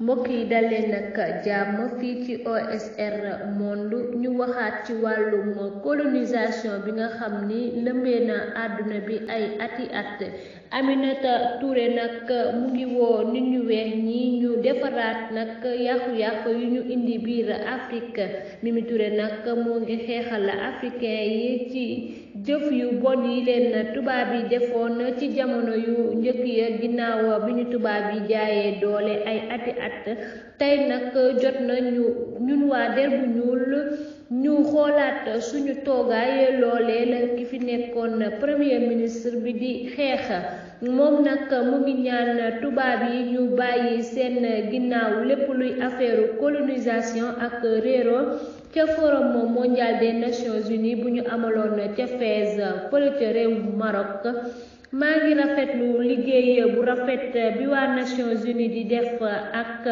mbokk yi dalee nag jàmm fii ci OSR Monde ñu waxaat ci wàllum colonisation bi nga xam ni lëmbee na àdduna bi ay ati at Aminata Touré nag mu ngi woo nit ñu weex ñi ñu defaraat nag yàqu-yàqu yu ñu indi biir Afrique Mimi Touré nag moo ngi xeexal africain yi ci jëf yu bon yi leen tubaab yi defoon ci jamono yu njëkk ya ginnaaw bi ñu tubaab yi jaayee doole ay ati at tey nag jot na ñu ñun waa der ñuul ñu xoolaat suñu toogaay loolee ki fi nekkoon premier ministre bi di xeexa moom nag mu ngi ñaan tubaab yi ñu bàyyi seen ginnaaw lépp luy affaire colonisation ak réeroo ca forum mondial des nations unies bu ñu amaloon ca Fès fële ca réew Maroc maa ngi rafetlu liggéey bu rafet bi waa Nations Unies di def ak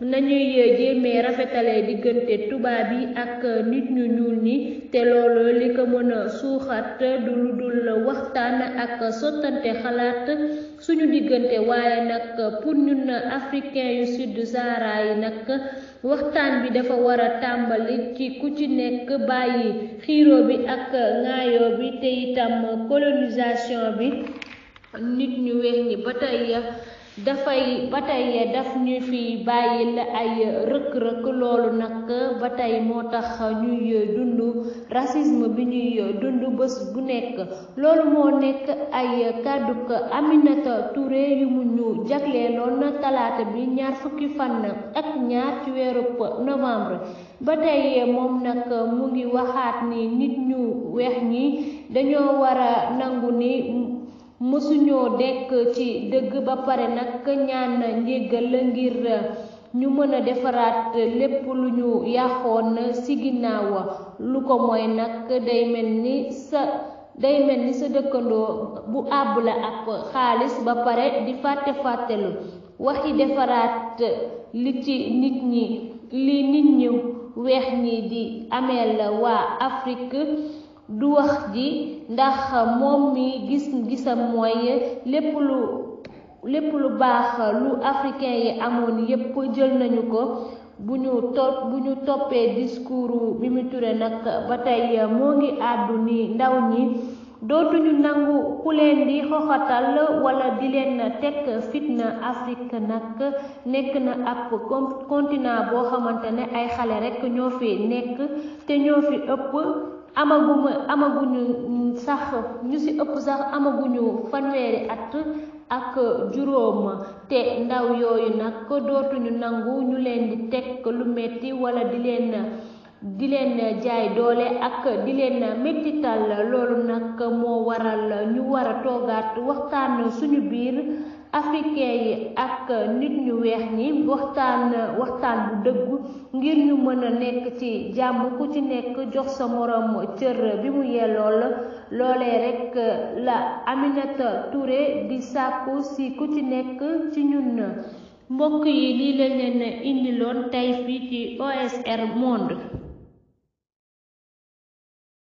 nañuy jéemee rafetale diggante tubaab yi ak nit ñu ñuul ñi te loolu li ko mën a suuxat du lu dul waxtaan ak sottante xalaat suñu diggante waaye nag pour ñun africain yu sud Sahara yi nag waxtaan bi dafa war a tàmbali ci ku ci nekk bàyyi xiiroo bi ak ŋaayoo bi te itam colonisation bi nit ñu weex ñi ba tey dafay ba tey daf ñu fi bàyyil ay rëkk-rëkk loolu nag ba tey moo tax ñuy dund racisme bi ñuy dund bés bu nekk loolu moo nekk ay kàdduk Aminata Touré yu mu ñu jagleeloon talaata bi ñaar fukki fan ak ñaar ci weerub novembre ba moom nag mu ngi waxaat ni nit ñu weex ñi dañoo war a nangu ni mësuñoo dekk ci dëgg ba pare nag ñaan njéggal ngir ñu mën a defaraat lépp lu ñu yàqoon ci ginnaaw lu ko mooy nag day mel ni sa day mel ni sa dëkkandoo bu àbb la ab xaalis ba pare di fàtte fàttelu waxi defaraat li ci nit ñi li nit ñu weex ñi di ameel waa Afrique du wax ji ndax moom mi gis gisam mooy lépp lu lépp lu baax lu africain yi amoon yépp jël nañu ko bu ñu topp bu ñu toppee discours Mimi Touré nag ba tey moo ngi àddu ni ndaw ñi dootuñu nangu ku leen di xoxatal wala di leen teg fitna Afrique nag nekk na ab continent boo xamante ne ay xale rekk ñoo fi nekk te ñoo fi ëpp amaguma amaguñu sax ñu ci ëpp sax amaguñu fanweeri at ak juróom te ndaw yooyu nag dootuñu nangu ñu leen di teg lu metti walla di leen di leen jaay doole ak di leen mettital loolu nag moo waral ñu war a toogaat waxtaan suñu biir africain yi ak nit ñu weex ñi waxtaan waxtaan bu dëggu ngir ñu mën a nekk ci jàmm ku ci nekk jox sa morom cër bi mu yelloo la loolee rekk la Aminata ture di sàkku si ku ci nekk ci ñun mbokk yi lii la leen indiloon tey fii ci OSR Monde